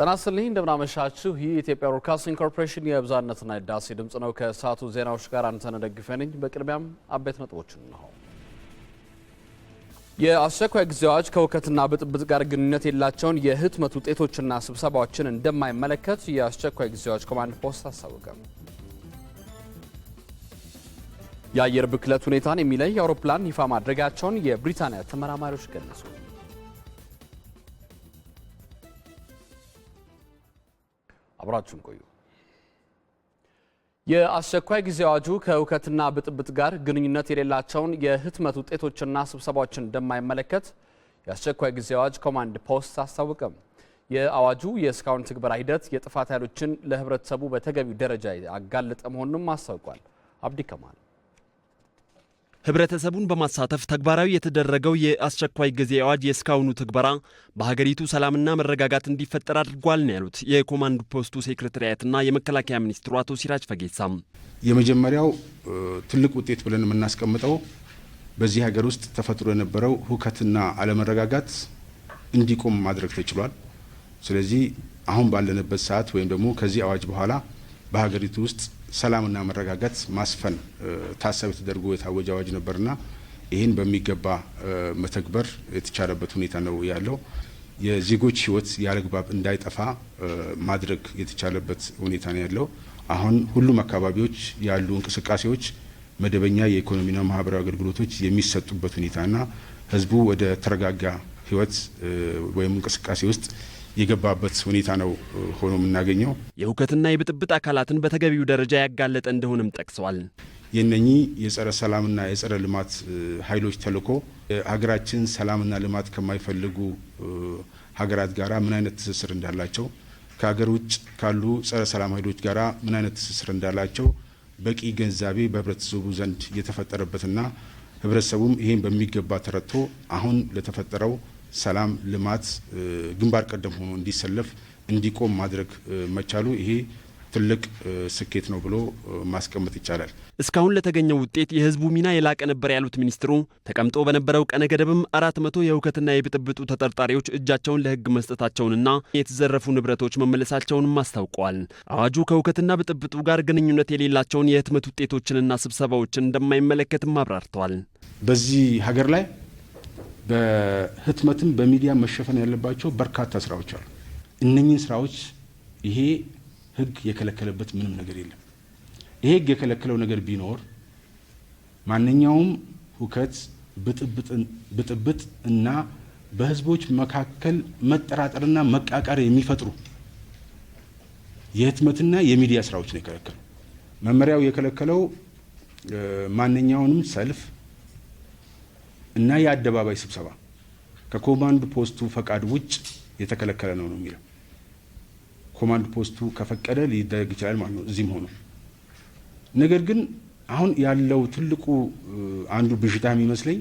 ጤና ይስጥልኝ እንደምናመሻችሁ። ይህ የኢትዮጵያ ብሮድካስቲንግ ኮርፖሬሽን የብዛነትና የዳሴ ድምፅ ነው። ከሰዓቱ ዜናዎች ጋር አንተነህ ደግፌ ነኝ። በቅድሚያም አበይት ነጥቦችን ነው። የአስቸኳይ ጊዜ አዋጅ ብጥብጥ ጋር ግንኙነት የላቸውን የህትመት ውጤቶችና ስብሰባዎችን እንደማይመለከት የአስቸኳይ ጊዜ አዋጅ ኮማንድ ፖስት አስታወቀ። የአየር ብክለት ሁኔታን የሚለይ አውሮፕላን ይፋ ማድረጋቸውን የብሪታንያ ተመራማሪዎች ገለጹ። አብራችሁን ቆዩ። የአስቸኳይ ጊዜ አዋጁ ከእውከትና ብጥብጥ ጋር ግንኙነት የሌላቸውን የህትመት ውጤቶችና ስብሰባዎችን እንደማይመለከት የአስቸኳይ ጊዜ አዋጅ ኮማንድ ፖስት አስታወቀም። የአዋጁ የእስካሁን ትግበራ ሂደት የጥፋት ኃይሎችን ለህብረተሰቡ በተገቢው ደረጃ ያጋለጠ መሆኑንም አስታውቋል። አብዲ ከማል ህብረተሰቡን በማሳተፍ ተግባራዊ የተደረገው የአስቸኳይ ጊዜ አዋጅ የእስካሁኑ ትግበራ በሀገሪቱ ሰላምና መረጋጋት እንዲፈጠር አድርጓል ነው ያሉት የኮማንድ ፖስቱ ሴክሬታሪያትና የመከላከያ ሚኒስትሩ አቶ ሲራጅ ፈጌሳ የመጀመሪያው ትልቅ ውጤት ብለን የምናስቀምጠው በዚህ ሀገር ውስጥ ተፈጥሮ የነበረው ሁከትና አለመረጋጋት እንዲቆም ማድረግ ተችሏል። ስለዚህ አሁን ባለንበት ሰዓት ወይም ደግሞ ከዚህ አዋጅ በኋላ በሀገሪቱ ውስጥ ሰላምና መረጋጋት ማስፈን ታሳቢ ተደርጎ የታወጀ አዋጅ ነበርና ይህን በሚገባ መተግበር የተቻለበት ሁኔታ ነው ያለው። የዜጎች ህይወት ያለግባብ እንዳይጠፋ ማድረግ የተቻለበት ሁኔታ ነው ያለው። አሁን ሁሉም አካባቢዎች ያሉ እንቅስቃሴዎች መደበኛ የኢኮኖሚና ማህበራዊ አገልግሎቶች የሚሰጡበት ሁኔታና ህዝቡ ወደ ተረጋጋ ህይወት ወይም እንቅስቃሴ ውስጥ የገባበት ሁኔታ ነው ሆኖ የምናገኘው። የሁከትና የብጥብጥ አካላትን በተገቢው ደረጃ ያጋለጠ እንደሆነም ጠቅሰዋል። የነኚህ የጸረ ሰላምና የጸረ ልማት ኃይሎች ተልዕኮ ሀገራችን ሰላምና ልማት ከማይፈልጉ ሀገራት ጋራ ምን አይነት ትስስር እንዳላቸው፣ ከሀገር ውጭ ካሉ ጸረ ሰላም ኃይሎች ጋራ ምን አይነት ትስስር እንዳላቸው በቂ ግንዛቤ በህብረተሰቡ ዘንድ የተፈጠረበትና ህብረተሰቡም ይህን በሚገባ ተረድቶ አሁን ለተፈጠረው ሰላም፣ ልማት ግንባር ቀደም ሆኖ እንዲሰለፍ እንዲቆም ማድረግ መቻሉ ይሄ ትልቅ ስኬት ነው ብሎ ማስቀመጥ ይቻላል። እስካሁን ለተገኘው ውጤት የህዝቡ ሚና የላቀ ነበር ያሉት ሚኒስትሩ ተቀምጦ በነበረው ቀነ ገደብም አራት መቶ የእውከትና የብጥብጡ ተጠርጣሪዎች እጃቸውን ለህግ መስጠታቸውንና የተዘረፉ ንብረቶች መመለሳቸውንም አስታውቀዋል። አዋጁ ከእውከትና ብጥብጡ ጋር ግንኙነት የሌላቸውን የህትመት ውጤቶችንና ስብሰባዎችን እንደማይመለከትም አብራርተዋል። በዚህ ሀገር ላይ በህትመትም በሚዲያ መሸፈን ያለባቸው በርካታ ስራዎች አሉ። እነኚህን ስራዎች ይሄ ህግ የከለከለበት ምንም ነገር የለም። ይሄ ህግ የከለከለው ነገር ቢኖር ማንኛውም ሁከት፣ ብጥብጥ እና በህዝቦች መካከል መጠራጠርና መቃቃር የሚፈጥሩ የህትመትና የሚዲያ ስራዎች ነው የከለከለው። መመሪያው የከለከለው ማንኛውንም ሰልፍ እና የአደባባይ ስብሰባ ከኮማንድ ፖስቱ ፈቃድ ውጭ የተከለከለ ነው ነው የሚለው። ኮማንድ ፖስቱ ከፈቀደ ሊደረግ ይችላል ማለት ነው እዚህም ሆኖ። ነገር ግን አሁን ያለው ትልቁ አንዱ ብዥታ የሚመስለኝ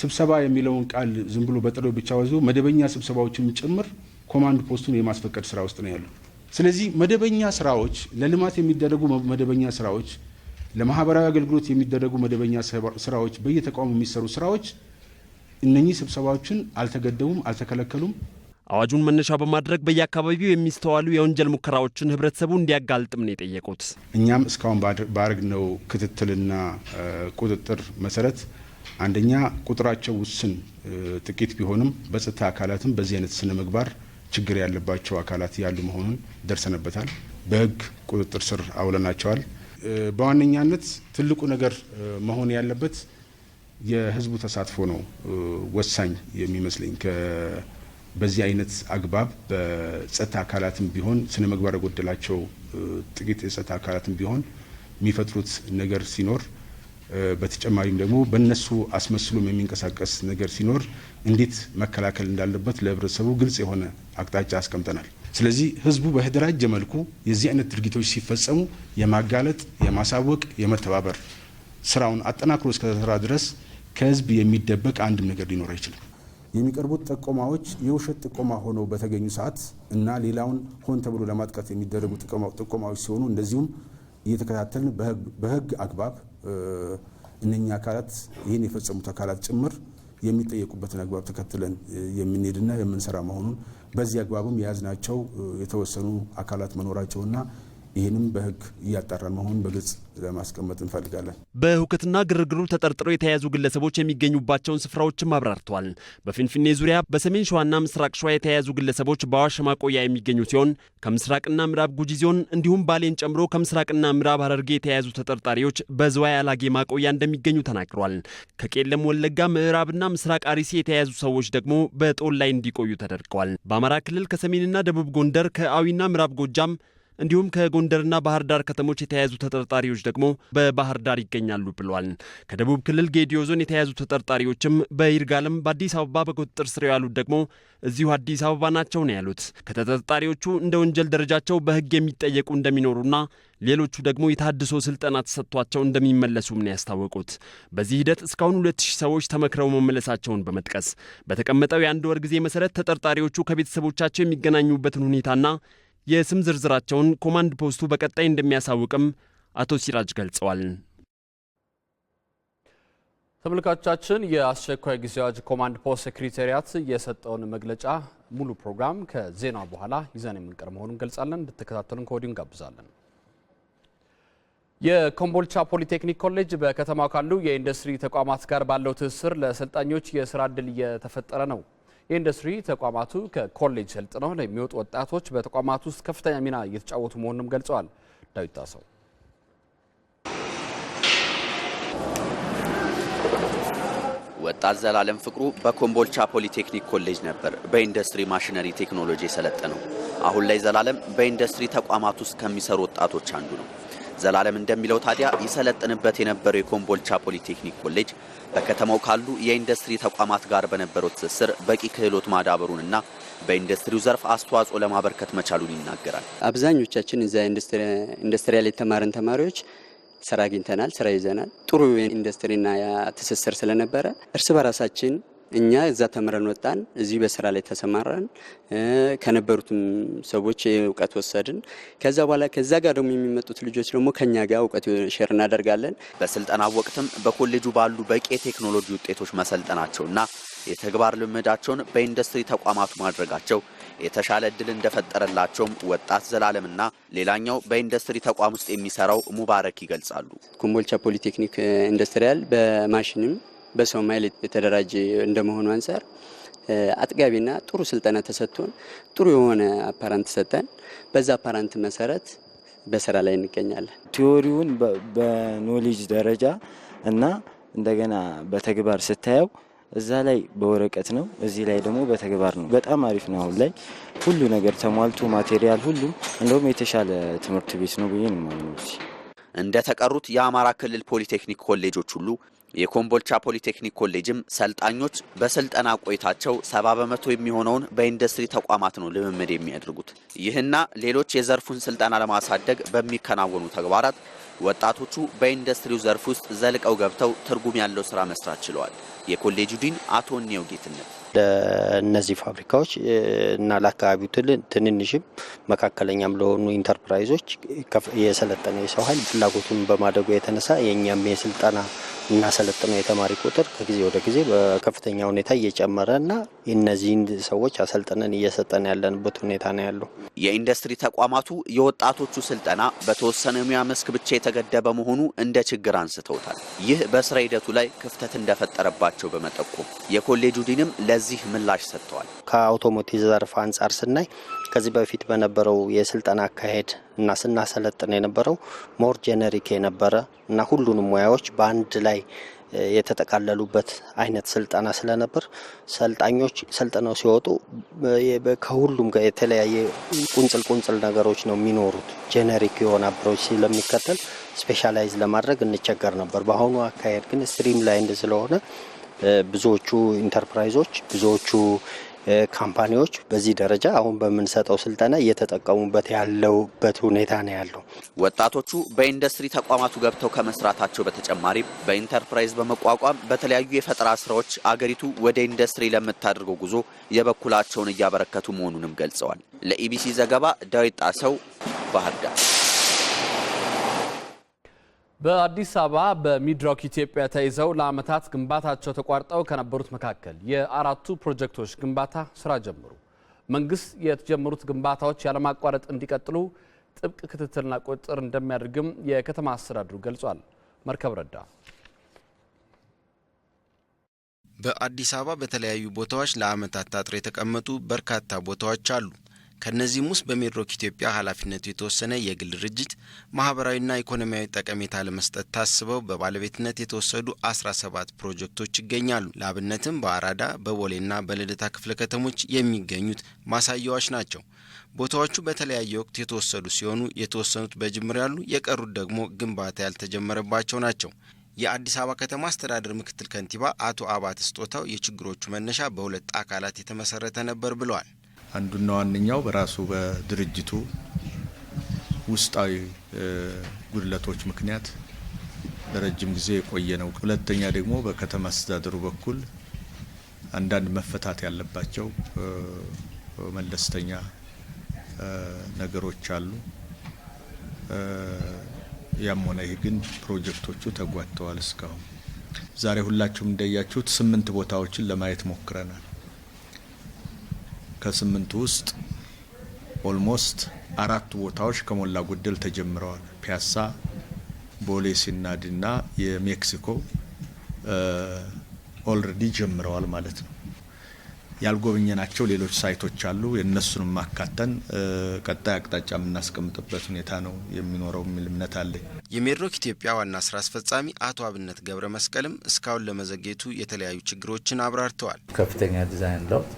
ስብሰባ የሚለውን ቃል ዝም ብሎ በጥሬው ብቻ ወዞ መደበኛ ስብሰባዎችን ጭምር ኮማንድ ፖስቱን የማስፈቀድ ስራ ውስጥ ነው ያለው። ስለዚህ መደበኛ ስራዎች ለልማት የሚደረጉ መደበኛ ስራዎች ለማህበራዊ አገልግሎት የሚደረጉ መደበኛ ስራዎች፣ በየተቋሙ የሚሰሩ ስራዎች እነኚህ ስብሰባዎችን አልተገደቡም፣ አልተከለከሉም። አዋጁን መነሻ በማድረግ በየአካባቢው የሚስተዋሉ የወንጀል ሙከራዎችን ህብረተሰቡ እንዲያጋልጥም ነው የጠየቁት። እኛም እስካሁን ባደረግነው ክትትልና ቁጥጥር መሰረት አንደኛ ቁጥራቸው ውስን ጥቂት ቢሆንም በጸጥታ አካላትም በዚህ አይነት ስነ ምግባር ችግር ያለባቸው አካላት ያሉ መሆኑን ደርሰንበታል። በህግ ቁጥጥር ስር አውለናቸዋል። በዋነኛነት ትልቁ ነገር መሆን ያለበት የህዝቡ ተሳትፎ ነው ወሳኝ የሚመስለኝ። በዚህ አይነት አግባብ በጸጥታ አካላትም ቢሆን ስነ ምግባር የጎደላቸው ጥቂት የጸጥታ አካላትም ቢሆን የሚፈጥሩት ነገር ሲኖር በተጨማሪም ደግሞ በእነሱ አስመስሎም የሚንቀሳቀስ ነገር ሲኖር እንዴት መከላከል እንዳለበት ለህብረተሰቡ ግልጽ የሆነ አቅጣጫ አስቀምጠናል። ስለዚህ ህዝቡ በተደራጀ መልኩ የዚህ አይነት ድርጊቶች ሲፈጸሙ የማጋለጥ፣ የማሳወቅ፣ የመተባበር ስራውን አጠናክሮ እስከተሰራ ድረስ ከህዝብ የሚደበቅ አንድም ነገር ሊኖር አይችልም። የሚቀርቡት ጥቆማዎች የውሸት ጥቆማ ሆነው በተገኙ ሰዓት እና ሌላውን ሆን ተብሎ ለማጥቃት የሚደረጉ ጥቆማዎች ሲሆኑ እንደዚሁም እየተከታተልን በህግ አግባብ እነኛ አካላት ይህን የፈጸሙት አካላት ጭምር የሚጠየቁበትን አግባብ ተከትለን የምንሄድና የምንሰራ መሆኑን በዚህ አግባብም የያዝናቸው የተወሰኑ አካላት መኖራቸውና ይህንም በህግ እያጣራን መሆኑን በግልጽ ለማስቀመጥ እንፈልጋለን። በሁከትና ግርግሩ ተጠርጥረው የተያዙ ግለሰቦች የሚገኙባቸውን ስፍራዎችም አብራርተዋል። በፊንፊኔ ዙሪያ በሰሜን ሸዋና ምስራቅ ሸዋ የተያዙ ግለሰቦች በአዋሽ ማቆያ የሚገኙ ሲሆን ከምስራቅና ምዕራብ ጉጂ ዞን እንዲሁም ባሌን ጨምሮ ከምስራቅና ምዕራብ ሐረርጌ የተያዙ ተጠርጣሪዎች በዝዋይ አላጌ ማቆያ እንደሚገኙ ተናግረዋል። ከቄለም ወለጋ ምዕራብና ምስራቅ አሪሲ የተያዙ ሰዎች ደግሞ በጦል ላይ እንዲቆዩ ተደርገዋል። በአማራ ክልል ከሰሜንና ደቡብ ጎንደር ከአዊና ምዕራብ ጎጃም እንዲሁም ከጎንደርና ባህር ዳር ከተሞች የተያዙ ተጠርጣሪዎች ደግሞ በባህር ዳር ይገኛሉ ብሏል። ከደቡብ ክልል ጌዲዮ ዞን የተያዙ ተጠርጣሪዎችም በይርጋለም፣ በአዲስ አበባ በቁጥጥር ስር ያሉት ደግሞ እዚሁ አዲስ አበባ ናቸው ነው ያሉት። ከተጠርጣሪዎቹ እንደ ወንጀል ደረጃቸው በሕግ የሚጠየቁ እንደሚኖሩና ሌሎቹ ደግሞ የታድሶ ስልጠና ተሰጥቷቸው እንደሚመለሱም ነው ያስታወቁት። በዚህ ሂደት እስካሁን ሁለት ሺህ ሰዎች ተመክረው መመለሳቸውን በመጥቀስ በተቀመጠው የአንድ ወር ጊዜ መሰረት ተጠርጣሪዎቹ ከቤተሰቦቻቸው የሚገናኙበትን ሁኔታና የስም ዝርዝራቸውን ኮማንድ ፖስቱ በቀጣይ እንደሚያሳውቅም አቶ ሲራጅ ገልጸዋል። ተመልካቾቻችን የአስቸኳይ ጊዜ አዋጅ ኮማንድ ፖስት ሴክሬታሪያት የሰጠውን መግለጫ ሙሉ ፕሮግራም ከዜና በኋላ ይዘን የምንቀር መሆኑን ገልጻለን። እንድትከታተሉን ከወዲሁ እንጋብዛለን። የኮምቦልቻ ፖሊቴክኒክ ኮሌጅ በከተማው ካሉ የኢንዱስትሪ ተቋማት ጋር ባለው ትስስር ለሰልጣኞች የስራ ዕድል እየተፈጠረ ነው። የኢንዱስትሪ ተቋማቱ ከኮሌጅ ሰልጥነው የሚወጡ ወጣቶች በተቋማቱ ውስጥ ከፍተኛ ሚና እየተጫወቱ መሆኑንም ገልጸዋል። ዳዊት ጣሰው ወጣት ዘላለም ፍቅሩ በኮምቦልቻ ፖሊቴክኒክ ኮሌጅ ነበር በኢንዱስትሪ ማሽነሪ ቴክኖሎጂ የሰለጠነው። አሁን ላይ ዘላለም በኢንዱስትሪ ተቋማት ውስጥ ከሚሰሩ ወጣቶች አንዱ ነው። ዘላለም እንደሚለው ታዲያ ይሰለጥንበት የነበረው የኮምቦልቻ ፖሊቴክኒክ ኮሌጅ በከተማው ካሉ የኢንዱስትሪ ተቋማት ጋር በነበረው ትስስር በቂ ክህሎት ማዳበሩንና በኢንዱስትሪው ዘርፍ አስተዋጽኦ ለማበርከት መቻሉን ይናገራል። አብዛኞቻችን እዚያ ኢንዱስትሪያል የተማርን ተማሪዎች ስራ አግኝተናል፣ ስራ ይዘናል። ጥሩ ኢንዱስትሪና ትስስር ስለነበረ እርስ በራሳችን እኛ እዛ ተምረን ወጣን፣ እዚህ በስራ ላይ ተሰማራን፣ ከነበሩትም ሰዎች እውቀት ወሰድን። ከዛ በኋላ ከዛ ጋር ደግሞ የሚመጡት ልጆች ደግሞ ከኛ ጋር እውቀት ሼር እናደርጋለን። በስልጠና ወቅትም በኮሌጁ ባሉ በቂ የቴክኖሎጂ ውጤቶች መሰልጠናቸውና የተግባር ልምዳቸውን በኢንዱስትሪ ተቋማቱ ማድረጋቸው የተሻለ እድል እንደፈጠረላቸውም ወጣት ዘላለምና ሌላኛው በኢንዱስትሪ ተቋም ውስጥ የሚሰራው ሙባረክ ይገልጻሉ። ኮምቦልቻ ፖሊቴክኒክ ኢንዱስትሪያል በማሽንም በሰው የተደራጀ እንደመሆኑ አንጻር አጥጋቢና ጥሩ ስልጠና ተሰጥቶን ጥሩ የሆነ አፓራንት ሰጠን። በዛ አፓራንት መሰረት በስራ ላይ እንገኛለን። ቲዎሪውን በኖሌጅ ደረጃ እና እንደገና በተግባር ስታየው እዛ ላይ በወረቀት ነው፣ እዚህ ላይ ደግሞ በተግባር ነው። በጣም አሪፍ ነው። አሁን ላይ ሁሉ ነገር ተሟልቶ ማቴሪያል ሁሉም እንደውም የተሻለ ትምህርት ቤት ነው ብዬ ነው። እንደ ተቀሩት የአማራ ክልል ፖሊቴክኒክ ኮሌጆች ሁሉ የኮምቦልቻ ፖሊቴክኒክ ኮሌጅም ሰልጣኞች በስልጠና ቆይታቸው ሰባ በመቶ የሚሆነውን በኢንዱስትሪ ተቋማት ነው ልምምድ የሚያደርጉት። ይህና ሌሎች የዘርፉን ስልጠና ለማሳደግ በሚከናወኑ ተግባራት ወጣቶቹ በኢንዱስትሪው ዘርፍ ውስጥ ዘልቀው ገብተው ትርጉም ያለው ስራ መስራት ችለዋል። የኮሌጁ ዲን አቶ ኔው ጌትነት ለእነዚህ ፋብሪካዎች እና ለአካባቢው ትንንሽም መካከለኛም ለሆኑ ኢንተርፕራይዞች የሰለጠነ የሰው ኃይል ፍላጎቱን በማደጉ የተነሳ የእኛም የስልጠና የምናሰለጥነው የተማሪ ቁጥር ከጊዜ ወደ ጊዜ በከፍተኛ ሁኔታ እየጨመረ እና እነዚህን ሰዎች አሰልጥነን እየሰጠን ያለንበት ሁኔታ ነው ያለው። የኢንዱስትሪ ተቋማቱ የወጣቶቹ ስልጠና በተወሰነ ሙያ መስክ ብቻ የተገደበ መሆኑ እንደ ችግር አንስተውታል። ይህ በስራ ሂደቱ ላይ ክፍተት እንደፈጠረባቸው በመጠቆም የኮሌጁ ዲንም ለዚህ ምላሽ ሰጥተዋል። ከአውቶሞቲቭ ዘርፍ አንጻር ስናይ ከዚህ በፊት በነበረው የስልጠና አካሄድ እና ስናሰለጥን የነበረው ሞር ጄኔሪክ የነበረ እና ሁሉንም ሙያዎች በአንድ ላይ የተጠቃለሉበት አይነት ስልጠና ስለነበር ሰልጣኞች ሰልጥነው ሲወጡ ከሁሉም ጋር የተለያየ ቁንጽል ቁንጽል ነገሮች ነው የሚኖሩት። ጄኔሪክ የሆነ አብሮች ስለሚከተል ስፔሻላይዝ ለማድረግ እንቸገር ነበር። በአሁኑ አካሄድ ግን ስትሪም ላይንድ ስለሆነ ብዙዎቹ ኢንተርፕራይዞች ብዙዎቹ ካምፓኒዎች በዚህ ደረጃ አሁን በምንሰጠው ስልጠና እየተጠቀሙበት ያለውበት ሁኔታ ነው ያለው። ወጣቶቹ በኢንዱስትሪ ተቋማቱ ገብተው ከመስራታቸው በተጨማሪ በኢንተርፕራይዝ በመቋቋም በተለያዩ የፈጠራ ስራዎች አገሪቱ ወደ ኢንዱስትሪ ለምታደርገው ጉዞ የበኩላቸውን እያበረከቱ መሆኑንም ገልጸዋል። ለኢቢሲ ዘገባ ዳዊት ጣሰው ባህርዳር በአዲስ አበባ በሚድሮክ ኢትዮጵያ ተይዘው ለዓመታት ግንባታቸው ተቋርጠው ከነበሩት መካከል የአራቱ ፕሮጀክቶች ግንባታ ስራ ጀምሩ መንግስት የተጀመሩት ግንባታዎች ያለማቋረጥ እንዲቀጥሉ ጥብቅ ክትትልና ቁጥጥር እንደሚያደርግም የከተማ አስተዳድሩ ገልጿል። መርከብ ረዳ በአዲስ አበባ በተለያዩ ቦታዎች ለዓመታት ታጥረው የተቀመጡ በርካታ ቦታዎች አሉ። ከእነዚህም ውስጥ በሜድሮክ ኢትዮጵያ ኃላፊነቱ የተወሰነ የግል ድርጅት ማህበራዊና ኢኮኖሚያዊ ጠቀሜታ ለመስጠት ታስበው በባለቤትነት የተወሰዱ 17 ፕሮጀክቶች ይገኛሉ። ለአብነትም በአራዳ በቦሌና በልደታ ክፍለ ከተሞች የሚገኙት ማሳያዎች ናቸው። ቦታዎቹ በተለያየ ወቅት የተወሰዱ ሲሆኑ የተወሰኑት በጅምር ያሉ፣ የቀሩት ደግሞ ግንባታ ያልተጀመረባቸው ናቸው። የአዲስ አበባ ከተማ አስተዳደር ምክትል ከንቲባ አቶ አባት ስጦታው የችግሮቹ መነሻ በሁለት አካላት የተመሰረተ ነበር ብለዋል። አንዱና ዋነኛው በራሱ በድርጅቱ ውስጣዊ ጉድለቶች ምክንያት ለረጅም ጊዜ የቆየ ነው። ሁለተኛ ደግሞ በከተማ አስተዳደሩ በኩል አንዳንድ መፈታት ያለባቸው መለስተኛ ነገሮች አሉ። ያም ሆነ ይህ ግን ፕሮጀክቶቹ ተጓተዋል። እስካሁን ዛሬ ሁላችሁም እንደያችሁት ስምንት ቦታዎችን ለማየት ሞክረናል። ከስምንቱ ውስጥ ኦልሞስት አራቱ ቦታዎች ከሞላ ጎደል ተጀምረዋል። ፒያሳ፣ ቦሌ ሲናድ የሜክሲኮ ኦልሬዲ ጀምረዋል ማለት ነው። ያልጎበኘናቸው ሌሎች ሳይቶች አሉ። የእነሱንም ማካተን ቀጣይ አቅጣጫ የምናስቀምጥበት ሁኔታ ነው የሚኖረው የሚል እምነት አለኝ። የሜድሮክ ኢትዮጵያ ዋና ስራ አስፈጻሚ አቶ አብነት ገብረ መስቀልም እስካሁን ለመዘግየቱ የተለያዩ ችግሮችን አብራርተዋል። ከፍተኛ ዲዛይን ለውጥ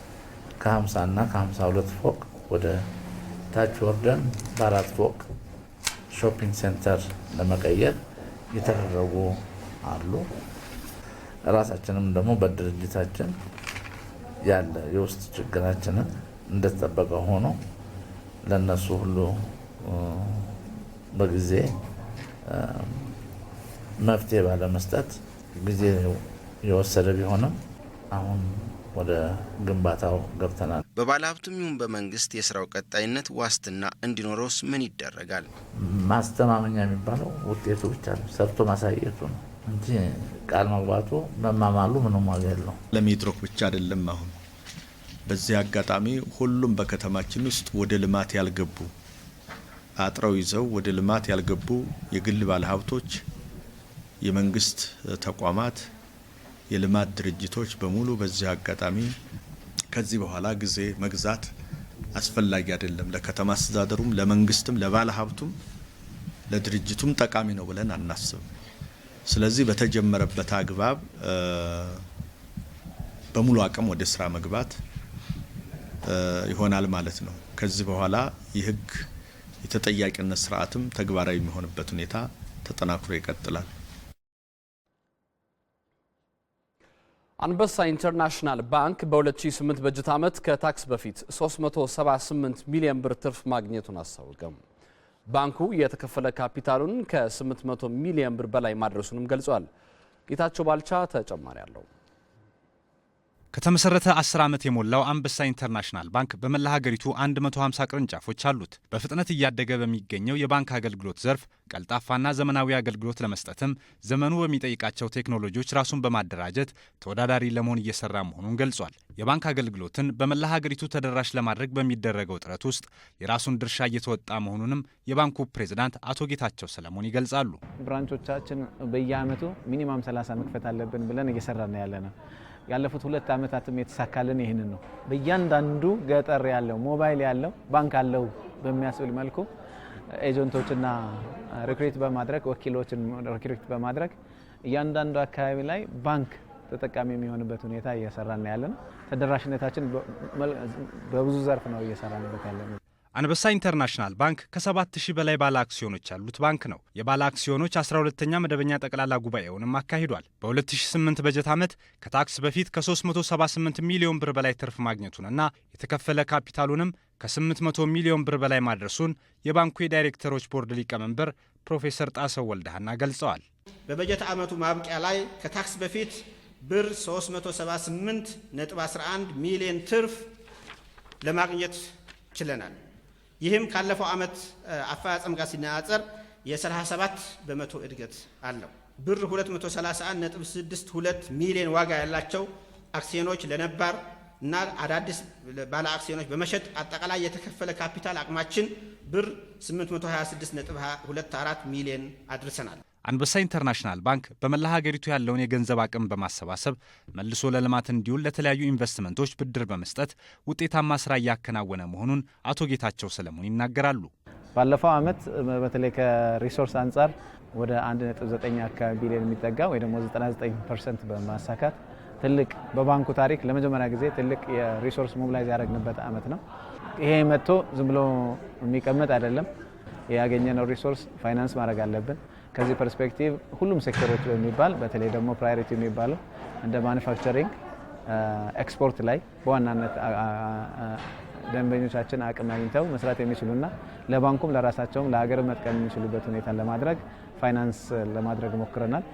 ከ50 እና ከ52 ፎቅ ወደ ታች ወርደን በአራት ፎቅ ሾፒንግ ሴንተር ለመቀየር የተደረጉ አሉ። ራሳችንም ደግሞ በድርጅታችን ያለ የውስጥ ችግራችንን እንደተጠበቀ ሆኖ ለነሱ ሁሉ በጊዜ መፍትሄ ባለመስጠት ጊዜ የወሰደ ቢሆንም አሁን ወደ ግንባታው ገብተናል። በባለሀብቱም ይሁን በመንግስት የስራው ቀጣይነት ዋስትና እንዲኖረውስ ምን ይደረጋል? ማስተማመኛ የሚባለው ውጤቱ ብቻ ነው፣ ሰርቶ ማሳየቱ ነው እንጂ ቃል መግባቱ መማማሉ ምንም ዋጋ የለው። ለሜትሮክ ብቻ አይደለም። አሁን በዚህ አጋጣሚ ሁሉም በከተማችን ውስጥ ወደ ልማት ያልገቡ አጥረው ይዘው ወደ ልማት ያልገቡ የግል ባለሀብቶች፣ የመንግስት ተቋማት የልማት ድርጅቶች በሙሉ በዚህ አጋጣሚ ከዚህ በኋላ ጊዜ መግዛት አስፈላጊ አይደለም፣ ለከተማ አስተዳደሩም፣ ለመንግስትም፣ ለባለ ሀብቱም ለድርጅቱም ጠቃሚ ነው ብለን አናስብም። ስለዚህ በተጀመረበት አግባብ በሙሉ አቅም ወደ ስራ መግባት ይሆናል ማለት ነው። ከዚህ በኋላ የህግ የተጠያቂነት ስርዓትም ተግባራዊ የሚሆንበት ሁኔታ ተጠናክሮ ይቀጥላል። አንበሳ ኢንተርናሽናል ባንክ በ2008 በጀት ዓመት ከታክስ በፊት 378 ሚሊዮን ብር ትርፍ ማግኘቱን አስታወቀም። ባንኩ የተከፈለ ካፒታሉን ከ800 ሚሊዮን ብር በላይ ማድረሱንም ገልጿል። ጌታቸው ባልቻ ተጨማሪ አለው። ከተመሰረተ 10 ዓመት የሞላው አንበሳ ኢንተርናሽናል ባንክ በመላ ሀገሪቱ 150 ቅርንጫፎች አሉት። በፍጥነት እያደገ በሚገኘው የባንክ አገልግሎት ዘርፍ ቀልጣፋና ዘመናዊ አገልግሎት ለመስጠትም ዘመኑ በሚጠይቃቸው ቴክኖሎጂዎች ራሱን በማደራጀት ተወዳዳሪ ለመሆን እየሰራ መሆኑን ገልጿል። የባንክ አገልግሎትን በመላ ሀገሪቱ ተደራሽ ለማድረግ በሚደረገው ጥረት ውስጥ የራሱን ድርሻ እየተወጣ መሆኑንም የባንኩ ፕሬዝዳንት አቶ ጌታቸው ሰለሞን ይገልጻሉ። ብራንቾቻችን በየአመቱ ሚኒማም 30 መክፈት አለብን ብለን እየሰራ ነው ያለ ነው ያለፉት ሁለት ዓመታትም የተሳካልን ይህንን ነው። በእያንዳንዱ ገጠር ያለው ሞባይል ያለው ባንክ አለው በሚያስብል መልኩ ኤጀንቶችና ሪክሪት በማድረግ ወኪሎችን ሪክሪት በማድረግ እያንዳንዱ አካባቢ ላይ ባንክ ተጠቃሚ የሚሆንበት ሁኔታ እየሰራን ያለ ነው። ተደራሽነታችን በብዙ ዘርፍ ነው እየሰራንበት ያለ አንበሳ ኢንተርናሽናል ባንክ ከ7000 በላይ ባለ አክሲዮኖች ያሉት ባንክ ነው። የባለ አክሲዮኖች 12 ተኛ መደበኛ ጠቅላላ ጉባኤውንም አካሂዷል። በ2008 በጀት ዓመት ከታክስ በፊት ከ378 ሚሊዮን ብር በላይ ትርፍ ማግኘቱንና የተከፈለ ካፒታሉንም ከ800 ሚሊዮን ብር በላይ ማድረሱን የባንኩ የዳይሬክተሮች ቦርድ ሊቀመንበር ፕሮፌሰር ጣሰው ወልደሃና ገልጸዋል። በበጀት ዓመቱ ማብቂያ ላይ ከታክስ በፊት ብር 378.11 ሚሊዮን ትርፍ ለማግኘት ችለናል። ይህም ካለፈው ዓመት አፈጻጸም ጋር ሲነጻጸር የ37 በመቶ እድገት አለው። ብር 231.62 ሚሊዮን ዋጋ ያላቸው አክሲዮኖች ለነባር እና አዳዲስ ባለ አክሲዮኖች በመሸጥ አጠቃላይ የተከፈለ ካፒታል አቅማችን ብር 826.24 ሚሊዮን አድርሰናል። አንበሳ ኢንተርናሽናል ባንክ በመላ ሀገሪቱ ያለውን የገንዘብ አቅም በማሰባሰብ መልሶ ለልማት እንዲውል ለተለያዩ ኢንቨስትመንቶች ብድር በመስጠት ውጤታማ ስራ እያከናወነ መሆኑን አቶ ጌታቸው ሰለሞን ይናገራሉ። ባለፈው ዓመት በተለይ ከሪሶርስ አንጻር ወደ 1.9 አካባቢ ቢሊዮን የሚጠጋ ወይ ደግሞ 99 ፐርሰንት በማሳካት ትልቅ በባንኩ ታሪክ ለመጀመሪያ ጊዜ ትልቅ የሪሶርስ ሞቢላይዝ ያደረግንበት ዓመት ነው። ይሄ መጥቶ ዝም ብሎ የሚቀመጥ አይደለም። ያገኘነው ሪሶርስ ፋይናንስ ማድረግ አለብን። ከዚህ ፐርስፔክቲቭ ሁሉም ሴክተሮች በሚባል በተለይ ደግሞ ፕራዮሪቲ የሚባለው እንደ ማኑፋክቸሪንግ ኤክስፖርት ላይ በዋናነት ደንበኞቻችን አቅም አግኝተው መስራት የሚችሉና ለባንኩም ለራሳቸውም ለሀገር መጥቀም የሚችሉበት ሁኔታን ለማድረግ ፋይናንስ ለማድረግ ሞክረናል።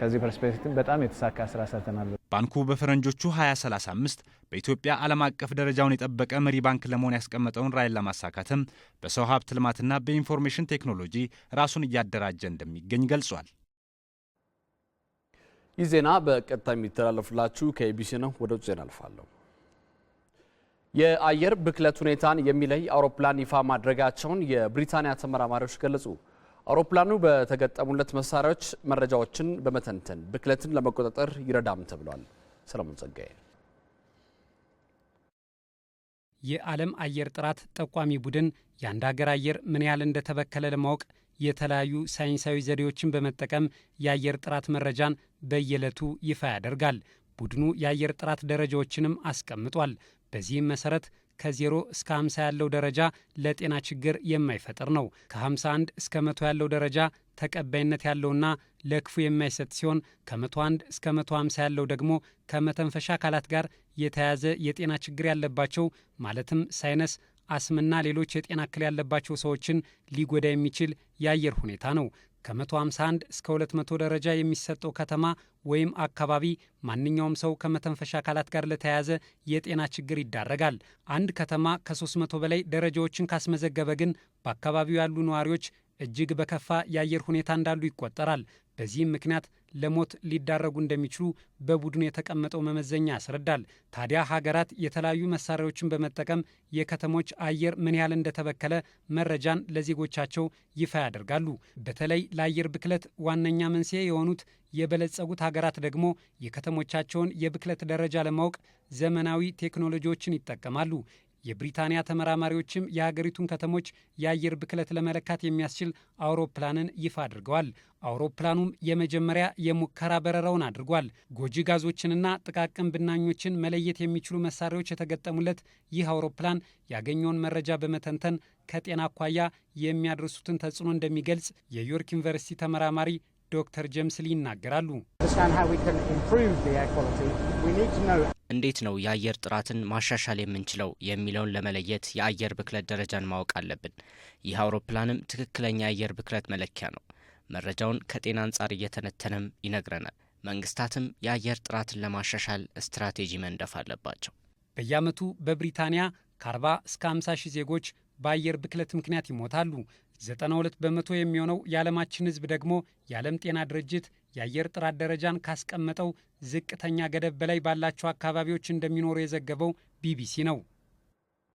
ከዚህ ፐርስፔክቲቭ በጣም የተሳካ ስራ ሰርተናል። ባንኩ በፈረንጆቹ 2035 በኢትዮጵያ ዓለም አቀፍ ደረጃውን የጠበቀ መሪ ባንክ ለመሆን ያስቀመጠውን ራዕይን ለማሳካትም በሰው ሀብት ልማትና በኢንፎርሜሽን ቴክኖሎጂ ራሱን እያደራጀ እንደሚገኝ ገልጿል። ይህ ዜና በቀጥታ የሚተላለፍላችሁ ከኤቢሲ ነው። ወደ ውጭ ዜና አልፋለሁ። የአየር ብክለት ሁኔታን የሚለይ አውሮፕላን ይፋ ማድረጋቸውን የብሪታንያ ተመራማሪዎች ገለጹ። አውሮፕላኑ በተገጠሙለት መሳሪያዎች መረጃዎችን በመተንተን ብክለትን ለመቆጣጠር ይረዳም ተብሏል። ሰለሞን ጸጋዬ የዓለም አየር ጥራት ጠቋሚ ቡድን የአንድ አገር አየር ምን ያህል እንደተበከለ ለማወቅ የተለያዩ ሳይንሳዊ ዘዴዎችን በመጠቀም የአየር ጥራት መረጃን በየዕለቱ ይፋ ያደርጋል። ቡድኑ የአየር ጥራት ደረጃዎችንም አስቀምጧል። በዚህም መሰረት ከ0 እስከ 50 ያለው ደረጃ ለጤና ችግር የማይፈጥር ነው። ከ51 እስከ መቶ ያለው ደረጃ ተቀባይነት ያለውና ለክፉ የማይሰጥ ሲሆን ከ101 እስከ 150 ያለው ደግሞ ከመተንፈሻ አካላት ጋር የተያያዘ የጤና ችግር ያለባቸው ማለትም ሳይነስ አስምና ሌሎች የጤና እክል ያለባቸው ሰዎችን ሊጎዳ የሚችል የአየር ሁኔታ ነው። ከ151 እስከ 200 ደረጃ የሚሰጠው ከተማ ወይም አካባቢ ማንኛውም ሰው ከመተንፈሻ አካላት ጋር ለተያያዘ የጤና ችግር ይዳረጋል። አንድ ከተማ ከ300 በላይ ደረጃዎችን ካስመዘገበ ግን በአካባቢው ያሉ ነዋሪዎች እጅግ በከፋ የአየር ሁኔታ እንዳሉ ይቆጠራል። በዚህም ምክንያት ለሞት ሊዳረጉ እንደሚችሉ በቡድኑ የተቀመጠው መመዘኛ ያስረዳል። ታዲያ ሀገራት የተለያዩ መሳሪያዎችን በመጠቀም የከተሞች አየር ምን ያህል እንደተበከለ መረጃን ለዜጎቻቸው ይፋ ያደርጋሉ። በተለይ ለአየር ብክለት ዋነኛ መንስኤ የሆኑት የበለጸጉት ሀገራት ደግሞ የከተሞቻቸውን የብክለት ደረጃ ለማወቅ ዘመናዊ ቴክኖሎጂዎችን ይጠቀማሉ። የብሪታንያ ተመራማሪዎችም የሀገሪቱን ከተሞች የአየር ብክለት ለመለካት የሚያስችል አውሮፕላንን ይፋ አድርገዋል። አውሮፕላኑም የመጀመሪያ የሙከራ በረራውን አድርጓል። ጎጂ ጋዞችንና ጥቃቅን ብናኞችን መለየት የሚችሉ መሳሪያዎች የተገጠሙለት ይህ አውሮፕላን ያገኘውን መረጃ በመተንተን ከጤና አኳያ የሚያደርሱትን ተጽዕኖ እንደሚገልጽ የዮርክ ዩኒቨርሲቲ ተመራማሪ ዶክተር ጀምስ ሊ ይናገራሉ። እንዴት ነው የአየር ጥራትን ማሻሻል የምንችለው የሚለውን ለመለየት የአየር ብክለት ደረጃን ማወቅ አለብን። ይህ አውሮፕላንም ትክክለኛ የአየር ብክለት መለኪያ ነው። መረጃውን ከጤና አንጻር እየተነተነም ይነግረናል። መንግስታትም የአየር ጥራትን ለማሻሻል ስትራቴጂ መንደፍ አለባቸው። በየአመቱ በብሪታንያ ከ40 እስከ 50 ሺህ ዜጎች በአየር ብክለት ምክንያት ይሞታሉ። 92 በመቶ የሚሆነው የዓለማችን ሕዝብ ደግሞ የዓለም ጤና ድርጅት የአየር ጥራት ደረጃን ካስቀመጠው ዝቅተኛ ገደብ በላይ ባላቸው አካባቢዎች እንደሚኖሩ የዘገበው ቢቢሲ ነው።